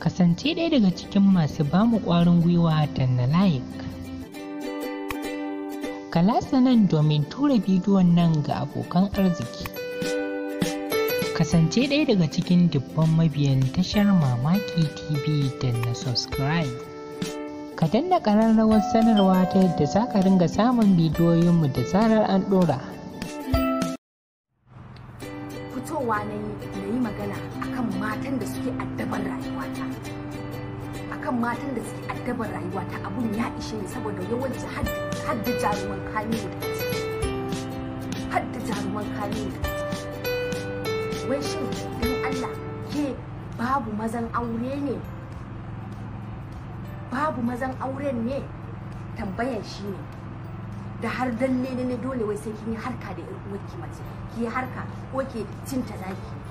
kasance ɗaya daga cikin masu ba mu ƙwarin gwiwa da na layik. Kalasa nan domin tura bidiyon nan ga abokan arziki. Kasance ɗaya daga cikin dubban mabiyan tashar Mamaki TV da na subscribe. Ka danna ƙararrawar sanarwa ta yadda za ka ringa samun bidiyoyinmu da zarar an ɗora. Fitowa na yi da suke addabar rayuwata akan matan da suke addabar rayuwata abun ya ishe ni saboda yawanci hadda jaruman kaniwood hadda jaruman da wai shin don allah ke babu mazan aure ne babu mazan auren ne tambayan shi ne da har dalle ne dole wai sai kin yi harka da irin uwarki mace ki yi harka ko ke cinta zaki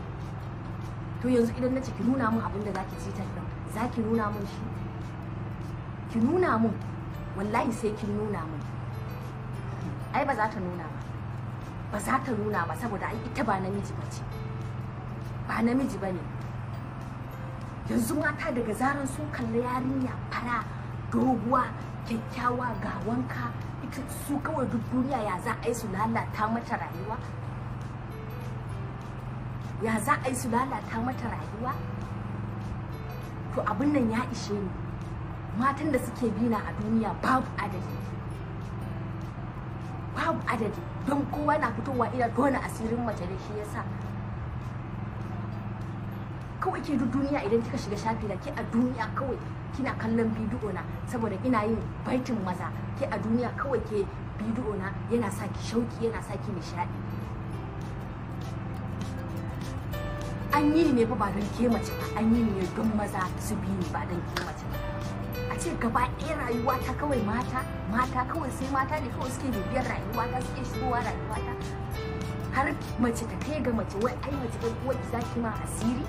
to yanzu idan na ce ki nuna min abin da za ki jitar din za ki nuna min shi ki nuna min wallahi sai ki nuna min ai ba za ta nuna ba ba za ta nuna ba saboda ai ita ba namiji ba ce ba namiji ba ne yanzu mata daga zaran sun kalli yarinya fara doguwa kyakkyawa ga wanka ita su kawai duk duniya ya za a yi su lalata mata rayuwa ya za a yi su lalata mata rayuwa to abin nan ya ishe ni matan da suke bina a duniya babu adadi babu adadi don kowa na fitowa ina tona asirin mace da shi yasa kawai ke duk duniya idan kika shiga shafi da ke a duniya kawai kina kallon bidiyo na saboda ina yin baitin maza ke a duniya kawai ke bidiyo na yana sa ki shauki yana saki nishadi an yi ne ba don ke mace ba an yi ne don maza su bi ba don ke mace ba a ce gaba ɗaya rayuwa ta kawai mata mata kawai sai mata ne kawai suke bibiyar rayuwa ta suke shigowa rayuwa ta har mace ta kai ga mace wai ai mace ba kuwa za ki ma asiri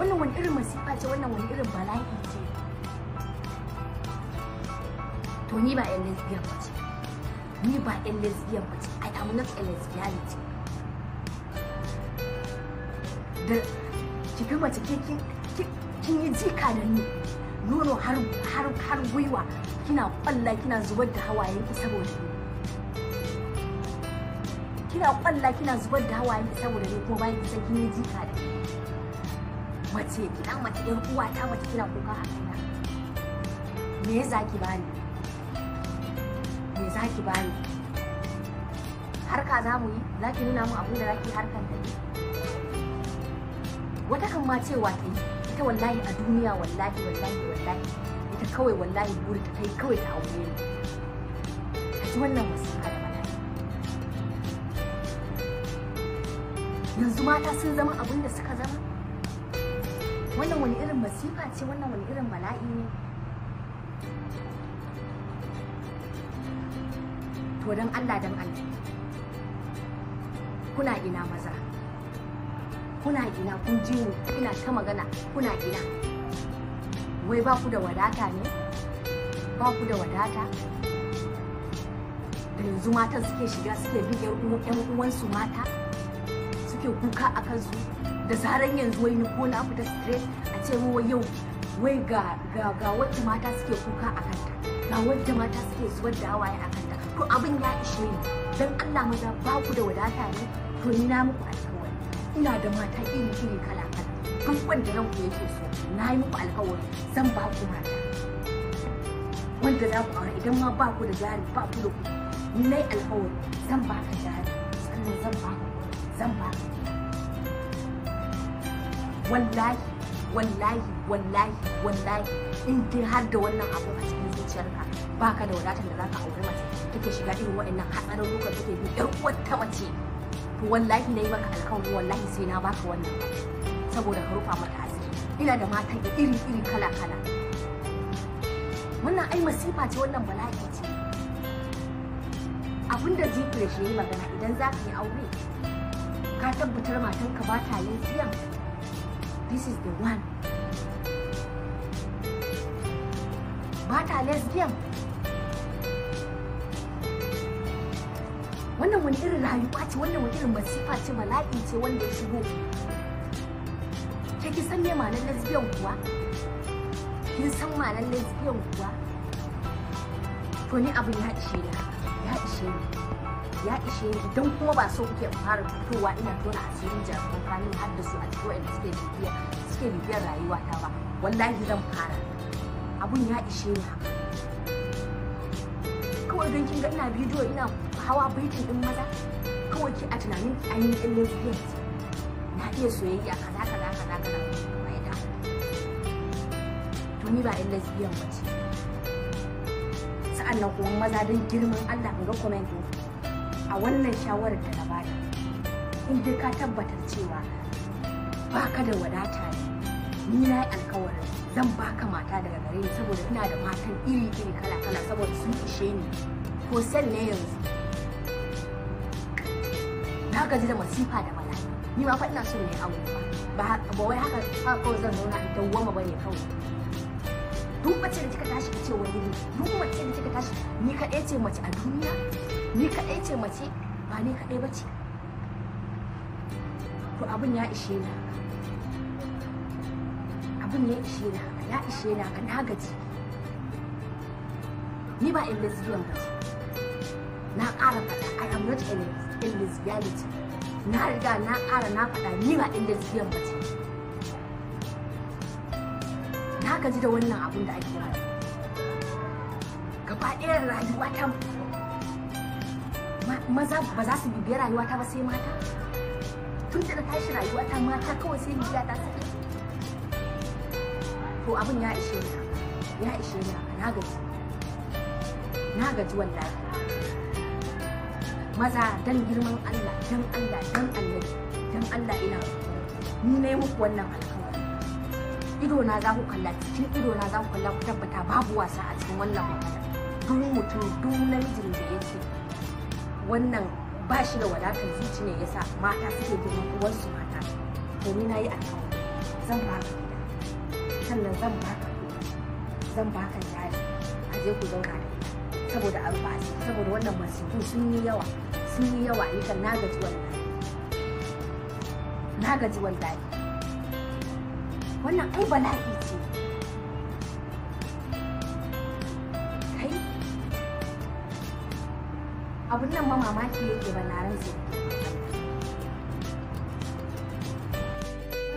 wannan wani irin masifa ce wannan wani irin bala'i ce to ni ba yan lesbiyan mace ce ni ba ƴan lesbiyan mace ai amma na not a da ki ga mace kin yi jika da ni nono har har gwiwa kina kwalla kina zubar da hawaye ki saboda ni kina kwalla kina zubar da hawaye ki saboda ni kuma bayan kisa kin yi jika da ni mace kina mace yar uwa ta mace kina kuka a kaina me zaki bani me zaki bani harka za mu yi za ki nuna mu abin da za ki harkar da ni wata kan ma cewa ta yi ita wallahi a duniya wallahi wallahi wallahi ita kawai wallahi buri ta kai kawai ta aure ni ka ji wannan masifa da mana yanzu mata sun zama abin da suka zama wannan wani irin masifa ce wannan wani irin bala'i ne to don Allah don Allah kuna ina maza kuna ina kun ji ni ina ta magana kuna ina wai ba ku da wadata ne ba ku da wadata da yanzu matan suke shiga suke bi yan uwansu mata suke kuka a kansu da zaran yanzu wai ko na fita stress a ce wai yau wai ga ga ga wata mata suke kuka a kanta ga wata mata suke zuwa da hawaye a kanta to abin ya ishe ni dan Allah maza ba ku da wadata ne to ni na muku alƙawari ina da mata iri iri kala kala duk wanda ranku yake so na yi muku alkawari zan ba ku mata wanda za ku aure idan ma ba ku da jari ba ku da kuɗi na yi alkawari zan ba ka jari sannan zan ba ka zan ba ka wallahi wallahi wallahi wallahi in dai har da wannan abu a cikin zuciyarka ka da wadatar da za ka aure mace take shiga irin wa'annan hatsarin lokacin take bi ɗan uwar ta mace wallahi na yi maka alkawari wallahi sai na baka wannan saboda ka rufa maka asiri ina da mata iri iri kala kala wannan ai masifa ce wannan bala'i ce abinda zikir shi yi magana idan za ka yi aure ka tabbatar matanka ba ta yin siyan this is the one ba ta lesbian wannan wani irin rayuwa ce wannan wani irin masifa ce mala'i ce wanda ya shigo ke ki san me ma'anar lesbian kuwa kin san ma'anar lesbian kuwa to ni abin ya ishe ni ya ishe ni ya ishe ni idan kuma ba so kuke fara fitowa ina tona asirin jarumin kwanin har da su a cikin wa'anda suke bibiyar suke bibiyar rayuwa ta ba wallahi zan fara abun ya ishe ni kawai don kin ga ina bidiyo ina hawa baitin din maza kawai ki a tunanin ainihin ɗin lesbian na iya soyayya kaza kaza kaza kaza ba ya to ni ba in lesbian ba ce sa'an nan kuma maza don girman Allah in ga comment a wannan shawarar da na bada in dai ka tabbatar cewa ba ka da wadata ne ni na yi alkawarin zan baka mata daga gare ni saboda ina da matan iri iri kala kala saboda sun ishe ni ko na ne yanzu na gaji da masifa da bala'i ni ma fa ina so ne aure ba ba wai haka fa kawai zan zauna in dawwama bane kawai duk mace da kika tashi ki ce wani ne duk mace da kika tashi ni kaɗai ce mace a duniya ni kaɗai ce mace ba ni ka ba ce to abin ya ishe ni abin ya ishe ni haka ya ishe ni haka na gaji ni ba in lesbian ba na ƙara faɗa I am not a lesbian yan lesbiya ce na riga na ƙara na faɗa ni ba yan lesbiyan ba ce na gaji da wannan abun da ake mana gaba ɗaya rayuwa ta maza ba za su bibiya rayuwa ta ba sai mata tun da tashi rayuwa ta mata kawai sai bibiya ta sake to abin ya ishe ni ya ishe ni na gaji na gaji wallahi maza dan girman Allah dan Allah dan Allah dan Allah ina ni ne muku wannan alƙawari ido na za ku kalla cikin ido na za ku kalla ku tabbata babu wasa a cikin wannan magana duk mutum duk namijin da yake wannan ba shi da wadatar zuci ne yasa mata suke girman uwarsu mata to ni na yi alƙawari zan ba ka sannan zan ba ka zan ba ka jari a je ku zauna da saboda an ba saboda wannan masu sun yi yawa sun yi yawa ni kan na gaji wallahi na gaji wallahi wannan ai bala'i ce kai abin nan ma mamaki yake ba na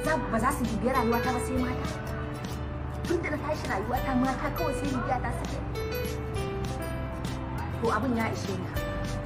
Za ba za su bibiya rayuwa ta ba sai mata tun da na tashi rayuwa ta mata kawai sai bibiya ta suke to abin ya ishe ni